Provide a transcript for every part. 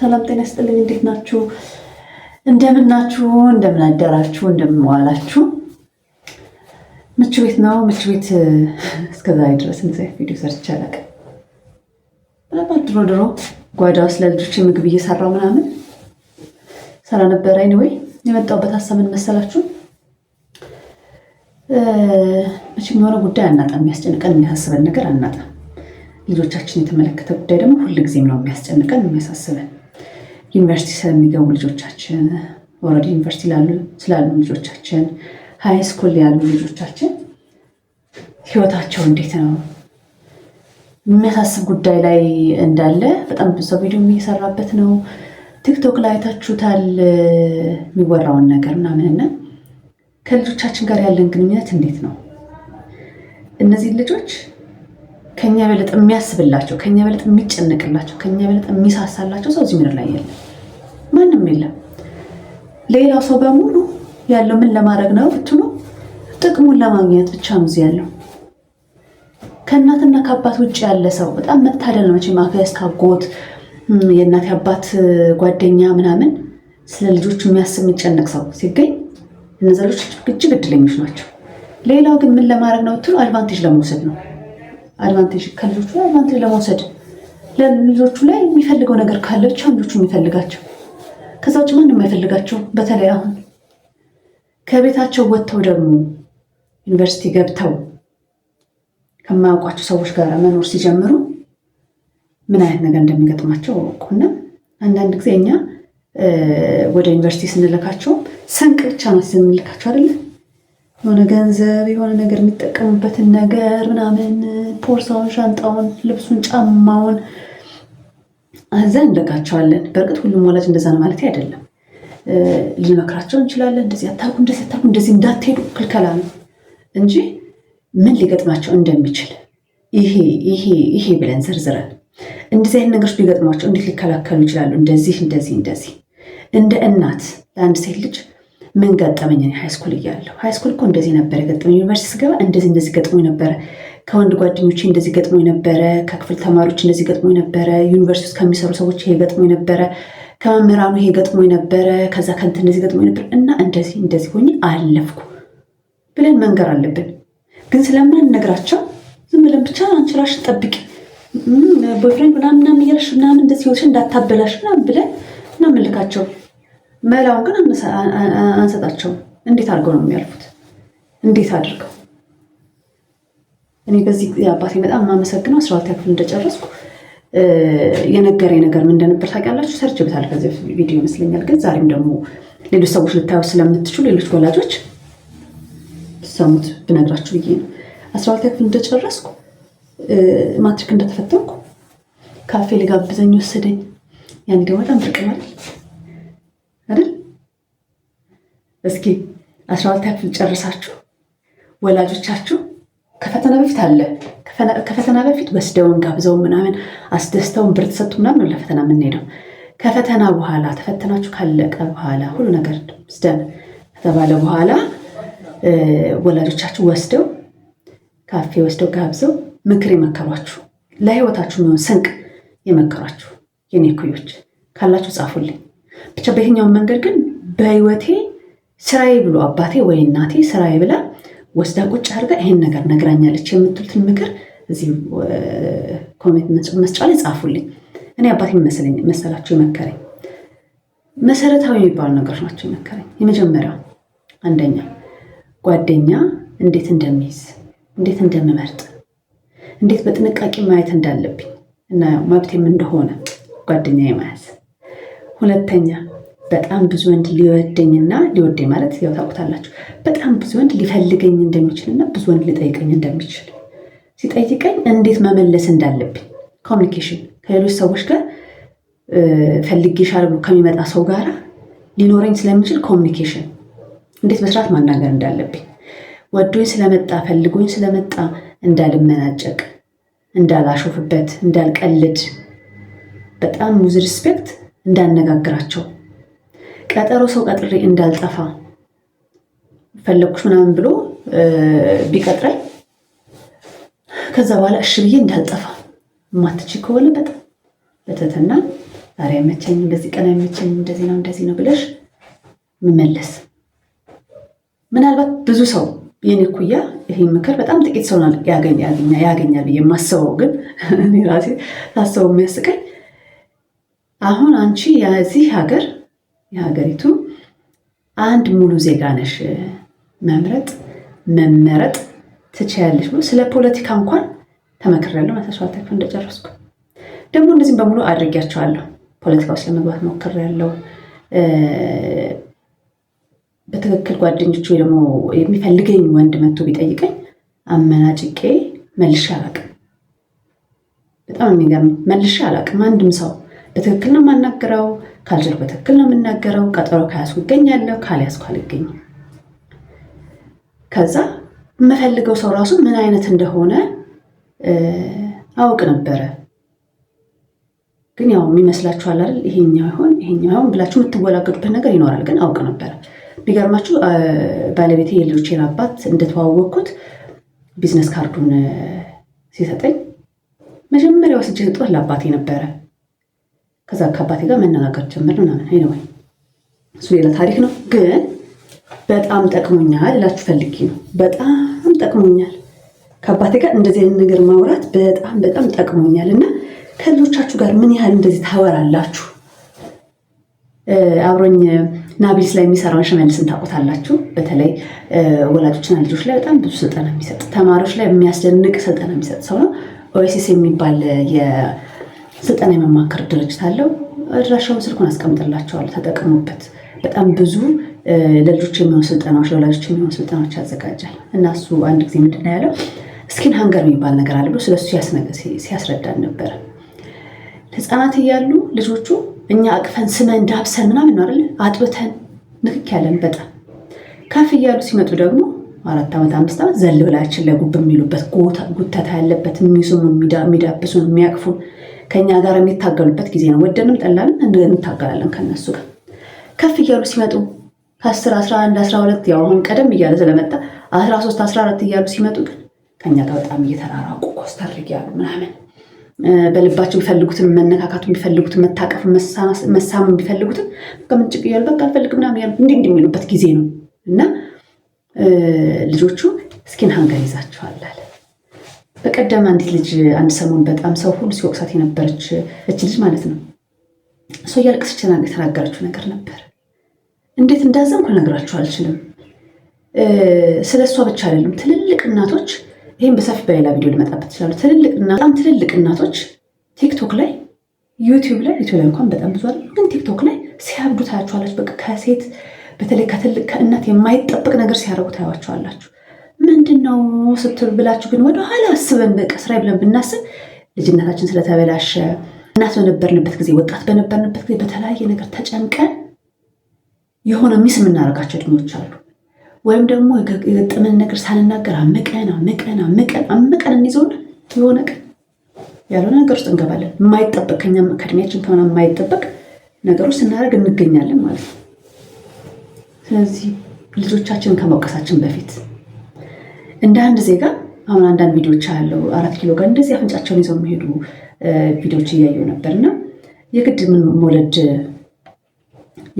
ሰላም ጤና ይስጥልኝ። እንዴት ናችሁ? እንደምን ናችሁ? እንደምን አደራችሁ? እንደምን ዋላችሁ? ምቹ ቤት ነው። ምቹ ቤት እስከዛሬ ድረስ እንደዚህ ቪዲዮ ሰርች ያለቀ ምናልባት ድሮ ድሮ ጓዳ ውስጥ ለልጆች ምግብ እየሰራው ምናምን ሰራ ነበረ። ወይ የመጣሁበት ሀሳብ ምን መሰላችሁ? መቼም የሆነ ጉዳይ አናጣም። የሚያስጨንቀን የሚያሳስበን ነገር አናጣም። ልጆቻችን የተመለከተ ጉዳይ ደግሞ ሁልጊዜም ነው የሚያስጨንቀን የሚያሳስበን ዩኒቨርሲቲ ስለሚገቡ ልጆቻችን፣ ወረድ ዩኒቨርሲቲ ስላሉ ልጆቻችን፣ ሀይ ስኩል ያሉ ልጆቻችን ህይወታቸው እንዴት ነው የሚያሳስብ ጉዳይ ላይ እንዳለ በጣም ብዙ ሰው ቪዲዮ እየሰራበት ነው። ቲክቶክ ላይ አይታችሁታል የሚወራውን ነገር ምናምንና ከልጆቻችን ጋር ያለን ግንኙነት እንዴት ነው? እነዚህን ልጆች ከኛ በለጥ የሚያስብላቸው ከኛ በለጥ የሚጨነቅላቸው ከኛ በለጥ የሚሳሳላቸው ሰው እዚህ ምድር ላይ የለም፣ ማንም የለም። ሌላው ሰው በሙሉ ያለው ምን ለማድረግ ነው ብትሉ ጥቅሙን ለማግኘት ብቻ ነው እዚህ ያለው። ከእናትና ከአባት ውጭ ያለ ሰው በጣም መታደል ነው። መቼም አክስት፣ የእናት አባት ጓደኛ ምናምን ስለ ልጆቹ የሚያስብ የሚጨነቅ ሰው ሲገኝ እነዚያ ልጆች እጅግ እድለኞች ናቸው። ሌላው ግን ምን ለማድረግ ነው ብትሉ አድቫንቴጅ ለመውሰድ ነው። አድቫንቴጅ ከልጆቹ ላይ አድቫንቴጅ ለመውሰድ ልጆቹ ላይ የሚፈልገው ነገር ካለ ብቻ ልጆቹ የሚፈልጋቸው ከዛ ውጭ ማንም አይፈልጋቸው። በተለይ አሁን ከቤታቸው ወጥተው ደግሞ ዩኒቨርሲቲ ገብተው ከማያውቋቸው ሰዎች ጋር መኖር ሲጀምሩ ምን አይነት ነገር እንደሚገጥማቸው እወቁና አንዳንድ ጊዜ እኛ ወደ ዩኒቨርሲቲ ስንልካቸው ስንቅ ብቻ ነው ስንልካቸው አይደለም የሆነ ገንዘብ የሆነ ነገር የሚጠቀምበትን ነገር ምናምን ፖርሳውን ሻንጣውን፣ ልብሱን፣ ጫማውን አዘን እንለጋቸዋለን። በእርግጥ ሁሉም ወላጅ እንደዛ ነው ማለት አይደለም። ልንመክራቸው እንችላለን። እንደዚህ አታርጉ፣ እንደዚህ አታርጉ፣ እንደዚህ እንዳትሄዱ ክልከላ ነው እንጂ ምን ሊገጥማቸው እንደሚችል ይሄ ይሄ ይሄ ብለን ዘርዝረን እንደዚህ አይነት ነገሮች ሊገጥማቸው እንዴት ሊከላከሉ ይችላሉ? እንደዚህ እንደዚህ እንደዚህ እንደ እናት ለአንድ ሴት ልጅ ምን ገጠመኝ? ሃይስኩል እያለሁ ሃይስኩል እኮ እንደዚህ ነበር የገጠመኝ፣ ዩኒቨርሲቲ ስገባ እንደዚህ እንደዚህ ገጥሞኝ ነበረ፣ ከወንድ ጓደኞች እንደዚህ ገጥሞኝ ነበረ፣ ከክፍል ተማሪዎች እንደዚህ ገጥሞኝ ነበረ፣ ዩኒቨርሲቲ ውስጥ ከሚሰሩ ሰዎች ይሄ ገጥሞኝ ነበረ፣ ከመምህራኑ ይሄ ገጥሞኝ ነበረ፣ ከዛ ከንት እንደዚህ ገጥሞኝ ነበር እና እንደዚህ እንደዚህ ሆኜ አለፍኩ ብለን መንገር አለብን። ግን ስለማንነግራቸው ዝም ብለን ብቻ አንቺ እራስሽን ጠብቂ ቦይፍሬንድ ምናምን ምናምን እያልሽ ምናምን እንደዚህ ሆንሽ እንዳታበላሽ ምናምን ብለን እናምልካቸው። መላውን ግን አንሰጣቸውም። እንዴት አድርገው ነው የሚያልፉት? እንዴት አድርገው እኔ በዚህ አባቴ በጣም የማመሰግነው አስራ ሁለተኛ ክፍል እንደጨረስኩ የነገረኝ ነገር ምን እንደነበር ሰርች ብታል ከዚህ ቪዲዮ ይመስለኛል። ግን ዛሬም ደግሞ ሌሎች ሰዎች ልታዩ ስለምትችሉ ሌሎች ወላጆች ሰሙት ብነግራችሁ ብዬ ነው። አስራ ሁለተኛ ክፍል እንደጨረስኩ ማትሪክ እንደተፈተንኩ ካፌ ልጋብዘኝ ወሰደኝ። ያን ደግሞ በጣም ጥቅማል አይደል? እስኪ አስራ ሁለተኛ ክፍል ጨርሳችሁ ወላጆቻችሁ ከፈተና በፊት አለ ከፈተና በፊት ወስደውን ጋብዘውን ምናምን አስደስተውን ብር ተሰጡ ምናምን ለፈተና የምንሄደው ከፈተና በኋላ ተፈተናችሁ ካለቀ በኋላ ሁሉ ነገር ስደን ከተባለ በኋላ ወላጆቻችሁ ወስደው ካፌ ወስደው ጋብዘው ምክር የመከሯችሁ ለህይወታችሁ የሚሆን ስንቅ የመከሯችሁ የኔ ኩዮች ካላችሁ ጻፉልኝ። ብቻ በየትኛውን መንገድ ግን በህይወቴ ስራዬ ብሎ አባቴ ወይ እናቴ ስራዬ ብላ ወስዳ ቁጭ አድርጋ ይሄን ነገር ነግራኛለች የምትሉትን ምክር እዚህ ኮሜንት መስጫ ላይ ጻፉልኝ። እኔ አባቴ መሰላቸው የመከረኝ መሰረታዊ የሚባሉ ነገሮች ናቸው የመከረኝ። የመጀመሪያው አንደኛ ጓደኛ እንዴት እንደሚይዝ እንዴት እንደምመርጥ እንዴት በጥንቃቄ ማየት እንዳለብኝ እና መብቴም እንደሆነ ጓደኛ መያዝ ሁለተኛ በጣም ብዙ ወንድ ሊወደኝና ሊወደኝ ማለት ያው ታውቁታላችሁ። በጣም ብዙ ወንድ ሊፈልገኝ እንደሚችልና ብዙ ወንድ ሊጠይቀኝ እንደሚችል ሲጠይቀኝ እንዴት መመለስ እንዳለብኝ ኮሚኒኬሽን ከሌሎች ሰዎች ጋር ፈልጌሻል ብሎ ከሚመጣ ሰው ጋር ሊኖረኝ ስለሚችል ኮሚኒኬሽን እንዴት በስርዓት ማናገር እንዳለብኝ ወዶኝ ስለመጣ ፈልጎኝ ስለመጣ እንዳልመናጨቅ፣ እንዳላሾፍበት፣ እንዳልቀልድ በጣም ሙዝ ሪስፔክት እንዳነጋግራቸው ቀጠሮ ሰው ቀጥሬ እንዳልጠፋ ፈለግኩሽ ምናምን ብሎ ቢቀጥረኝ ከዛ በኋላ እሺ ብዬ እንዳልጠፋ። ማትች ከሆነ በጣም በተተና ዛሬ አይመቸኝም፣ እንደዚህ ቀን አይመቸኝም፣ እንደዚህ ነው እንደዚህ ነው ብለሽ መመለስ። ምናልባት ብዙ ሰው የኔ ኩያ ይህ ምክር በጣም ጥቂት ሰው ያገኛል ብዬ የማስበው ግን ራሴ ታስበው የሚያስቀኝ አሁን አንቺ የዚህ ሀገር የሀገሪቱ አንድ ሙሉ ዜጋ ነሽ። መምረጥ መመረጥ ትችያለሽ ብሎ ስለ ፖለቲካ እንኳን ተመክሬያለሁ። መተሰዋተ ክፍል እንደጨረስኩ ደግሞ እነዚህም በሙሉ አድርጊያቸዋለሁ። ፖለቲካ ውስጥ ለመግባት ሞክሬያለሁ። በትክክል ጓደኞች ወይ ደግሞ የሚፈልገኝ ወንድ መጥቶ ቢጠይቀኝ አመናጭቄ መልሼ አላቅም። በጣም የሚገርም መልሼ አላቅም አንድም ሰው በትክክል ነው የማናገረው፣ ካልችል በትክክል ነው የምናገረው፣ ቀጠሮ ከያዝኩ ይገኛለሁ፣ ካልያዝኩ አልገኝም። ከዛ የምፈልገው ሰው ራሱ ምን አይነት እንደሆነ አውቅ ነበረ። ግን ያው የሚመስላችኋል አይደል? ይሄኛው ይሆን ይሄኛው ይሆን ብላችሁ የምትወላገዱበት ነገር ይኖራል። ግን አውቅ ነበረ። ቢገርማችሁ ባለቤቴ የልጆቼን አባት እንደተዋወቅኩት ቢዝነስ ካርዱን ሲሰጠኝ መጀመሪያ ወስጄ ስጦት ለአባቴ ነበረ። ከዛ ከአባቴ ጋር መነጋገር ጀምር ምናምን ይነዋይ እሱ ሌላ ታሪክ ነው። ግን በጣም ጠቅሞኛል እላችሁ ፈልጌ ነው። በጣም ጠቅሞኛል ከአባቴ ጋር እንደዚህ አይነት ነገር ማውራት በጣም በጣም ጠቅሞኛል። እና ከልጆቻችሁ ጋር ምን ያህል እንደዚህ ታወራላችሁ? አብሮኝ ናቢልስ ላይ የሚሰራውን ሽመልስን ታውቁታላችሁ። በተለይ ወላጆችና ልጆች ላይ በጣም ብዙ ስልጠና የሚሰጥ ተማሪዎች ላይ የሚያስደንቅ ስልጠና የሚሰጥ ሰው ነው። ኦኤስኤስ የሚባል ስልጠና የመማከር ድርጅት አለው። አድራሻውን ስልኩን አስቀምጥላቸዋለሁ፣ ተጠቅሙበት። በጣም ብዙ ለልጆች የሚሆኑ ስልጠናዎች፣ ለወላጆች የሚሆኑ ስልጠናዎች ያዘጋጃል እና እሱ አንድ ጊዜ ምንድን ነው ያለው ስኪን ሀንገር የሚባል ነገር አለ ብሎ ስለሱ ሲያስረዳን ነበረ። ህፃናት እያሉ ልጆቹ እኛ አቅፈን ስመን ዳብሰን ምናምን ነው አይደል አጥብተን ንክክ ያለን በጣም ከፍ እያሉ ሲመጡ ደግሞ አራት ዓመት አምስት ዓመት ዘል ብላችን ለጉብ የሚሉበት ጉተታ ያለበት የሚስሙን፣ የሚዳብሱን፣ የሚያቅፉን ከኛ ጋር የሚታገሉበት ጊዜ ነው። ወደንም ጠላንም እንታገላለን ከነሱ ጋር። ከፍ እያሉ ሲመጡ ከ10 11 12 ያው አሁን ቀደም እያለ ስለመጣ 13 14 እያሉ ሲመጡ ግን ከኛ ጋር በጣም እየተራራቁ ኮስተር እያሉ ምናምን በልባቸው የሚፈልጉትን መነካካቱ የሚፈልጉትን መታቀፍ መሳም የሚፈልጉትን ከምንጭቅ እያሉ በቃ አልፈልግ ምናምን ያሉ እንዲህ እንዲህ የሚሉበት ጊዜ ነው እና ልጆቹ ስኪን ሀንገር ይዛቸዋላል። በቀደም አንዲት ልጅ አንድ ሰሞን በጣም ሰው ሁሉ ሲወቅሳት የነበረች እች ልጅ ማለት ነው። እሷ እያለቀሰች የተናገረችው ነገር ነበር። እንዴት እንዳዘንኩ ልነግራችሁ አልችልም። ስለ እሷ ብቻ አይደለም። ትልልቅ እናቶች ይህም በሰፊ በሌላ ቪዲዮ ሊመጣበት ይችላሉ። በጣም ትልልቅ እናቶች ቲክቶክ ላይ፣ ዩቲዩብ ላይ ዩቲዩብ ላይ እንኳን በጣም ብዙ አይደለም፣ ግን ቲክቶክ ላይ ሲያብዱ ታያችኋላችሁ። በቃ ከሴት በተለይ ከትልቅ ከእናት የማይጠበቅ ነገር ሲያደርጉ ታያችኋላችሁ። ምንድን ነው ስትል ብላችሁ ግን ወደ ኋላ አስበን በቃ ስራ ብለን ብናስብ ልጅነታችን ስለተበላሸ እናት በነበርንበት ጊዜ ወጣት በነበርንበት ጊዜ በተለያየ ነገር ተጨንቀን የሆነ ሚስ የምናደርጋቸው እድሜዎች አሉ። ወይም ደግሞ የገጠመን ነገር ሳንናገር አምቀን አምቀን አምቀን አምቀን እንይዘውና የሆነ ቀን ያልሆነ ነገር ውስጥ እንገባለን። የማይጠበቅ ከኛ ከእድሜያችን ከሆነ የማይጠበቅ ነገር ውስጥ ስናደርግ እንገኛለን ማለት ነው። ስለዚህ ልጆቻችንን ከመውቀሳችን በፊት እንደ አንድ ዜጋ አሁን አንዳንድ ቪዲዮዎች አለው አራት ኪሎ ጋር እንደዚህ አፍንጫቸውን ይዘው የሚሄዱ ቪዲዮዎች እያየው ነበር እና የግድ መውለድ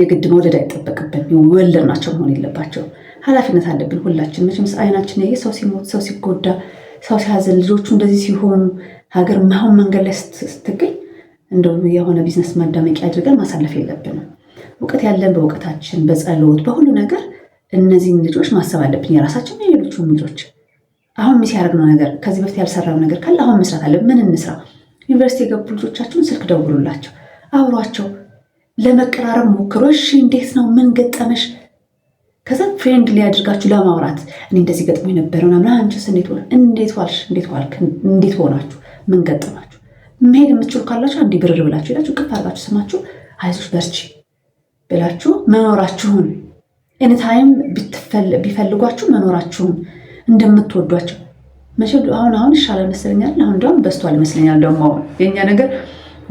የግድ መውለድ አይጠበቅብን። ወለድ ናቸው መሆን የለባቸው። ሀላፊነት አለብን ሁላችን። መቼም አይናችን ያየ ሰው ሲሞት፣ ሰው ሲጎዳ፣ ሰው ሲያዘን፣ ልጆቹ እንደዚህ ሲሆኑ ሀገር ማሁን መንገድ ላይ ስትገኝ እንደው የሆነ ቢዝነስ ማዳመቂያ አድርገን ማሳለፍ የለብንም። እውቀት ያለን በእውቀታችን፣ በጸሎት፣ በሁሉ ነገር እነዚህን ልጆች ማሰብ አለብን። የራሳችን ናችሁ ልጆች አሁን ሚስ ያደረግነው ነገር ከዚህ በፊት ያልሰራው ነገር ካለ አሁን መስራት አለ። ምን እንስራ? ዩኒቨርሲቲ የገቡ ልጆቻችሁን ስልክ ደውሉላቸው፣ አውሯቸው፣ ለመቀራረብ ሞክሮ እሺ፣ እንዴት ነው? ምን ገጠመሽ? ከዛ ፍሬንድ ሊያደርጋችሁ ለማውራት እኔ እንደዚህ ገጥሞ የነበረው ምናምን፣ አንቺስ እንዴት ሆነ? እንዴት ዋልሽ? እንዴት ዋልክ? እንዴት ሆናችሁ? ምን ገጠማችሁ? መሄድ የምትችሉ ካላችሁ አንዴ ብርር ብላችሁ ሄዳችሁ ቅፍ አድርጋችሁ ስማችሁ አይዞሽ በርቺ ብላችሁ መኖራችሁን ኤኒታይም ቢፈልጓችሁ መኖራችሁን እንደምትወዷቸው መቼ አሁን አሁን ይሻላል ይመስለኛል። አሁን እንዲያውም በዝቷል ይመስለኛል። ደግሞ አሁን የእኛ ነገር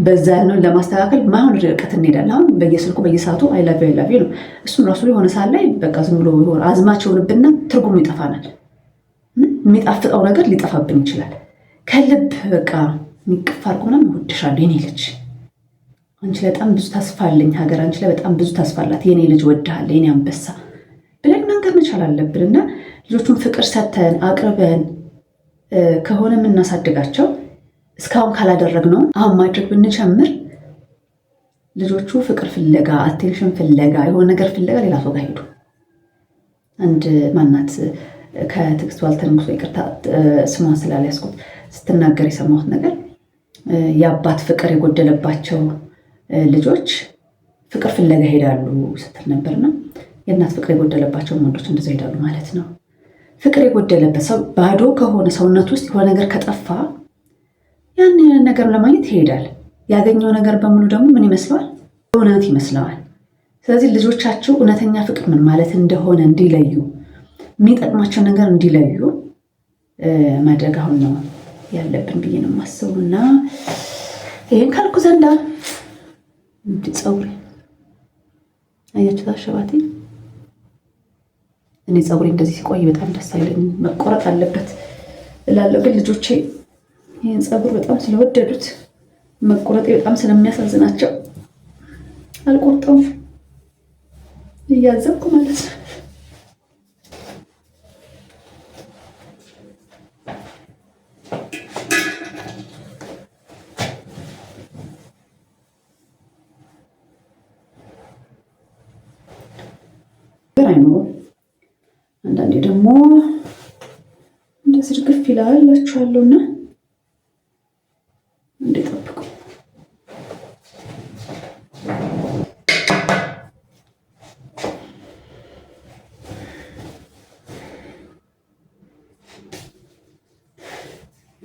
በዛ ያልነውን ለማስተካከል ማሁን ርቀት እንሄዳለን። አሁን በየስልኩ በየሰዓቱ አይላቪ አይላቪ ነው። እሱም ራሱ የሆነ ሰዓት ላይ በቃ ዝም ብሎ አዝማቸው የሆንብና ትርጉሙ ይጠፋናል። የሚጣፍጠው ነገር ሊጠፋብን ይችላል። ከልብ በቃ የሚቀፋ አድርጎ ምናምን እወድሻለሁ የኔ ልጅ አንቺ ላይ በጣም ብዙ ተስፋ አለኝ ሀገር፣ አንቺ ላይ በጣም ብዙ ተስፋ አላት፣ የኔ ልጅ ወድሃለ፣ የኔ አንበሳ ብለን መንገር መቻል አለብን እና ልጆቹን ፍቅር ሰተን አቅርበን ከሆነ የምናሳድጋቸው እስካሁን ካላደረግነው አሁን ማድረግ ብንጀምር ልጆቹ ፍቅር ፍለጋ አቴንሽን ፍለጋ የሆነ ነገር ፍለጋ ሌላ ሰው ጋር ሄዱ። አንድ ማናት ከትዕግስት ዋልተ ይቅርታ ስሟን ስላልያዝኩት ስትናገር የሰማሁት ነገር የአባት ፍቅር የጎደለባቸው ልጆች ፍቅር ፍለጋ ሄዳሉ ስትል ነበርና የእናት ፍቅር የጎደለባቸውን ወንዶች እንደዛ ሄዳሉ ማለት ነው። ፍቅር የጎደለበት ሰው ባዶ ከሆነ ሰውነት ውስጥ የሆነ ነገር ከጠፋ ያን ነገር ለማግኘት ይሄዳል። ያገኘው ነገር በሙሉ ደግሞ ምን ይመስለዋል? እውነት ይመስለዋል። ስለዚህ ልጆቻችሁ እውነተኛ ፍቅር ምን ማለት እንደሆነ እንዲለዩ፣ የሚጠቅማቸው ነገር እንዲለዩ ማድረግ አሁን ነው ያለብን ብዬ ነው የማስበው እና ይህን ካልኩ ዘንዳ እንዲ ፀጉሬ አያችሁት አሸባቴ። እኔ ፀጉሬ እንደዚህ ሲቆይ በጣም ደስ አይለኝ፣ መቆረጥ አለበት እላለሁ። ግን ልጆቼ ይህን ፀጉር በጣም ስለወደዱት መቆረጤ በጣም ስለሚያሳዝናቸው አልቆርጠውም እያዘብኩ ማለት ነው። አይኖርም። አንዳንዴ ደግሞ እንደዚህ እርግፍ ይላል እላችኋለሁና እንድጠብቁ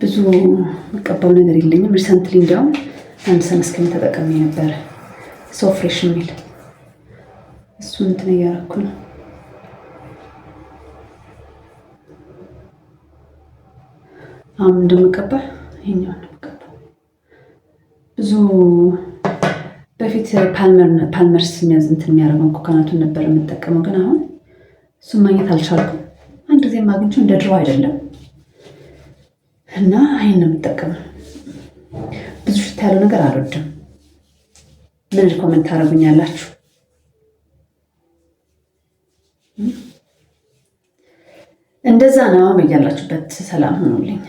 ብዙ መቀባው ነገር የለኝም። ሪሰንትሊ እንዲያውም አንድ ሰንስክሪን ተጠቀሜ ነበረ ሰው ፍሬሽ የሚል እሱ እንትን እያደረኩ ነው። አሁን እንደምቀባ ይሄኛው ነው ብዙ በፊት ፓልመርስ የሚያዝንት የሚያደርገው ኮኮናቱን ነበር የምጠቀመው፣ ግን አሁን እሱም ማግኘት አልቻልኩም። አንድ ጊዜ ማግኘቱ እንደ ድሮ አይደለም እና ይሄን ነው የምጠቀመው። ብዙ ሽታ ያለው ነገር አልወድም። ምን ኮመንት ታደርጉኛላችሁ? እንደዛ ነው። በያላችሁበት ሰላም ሆኖልኝ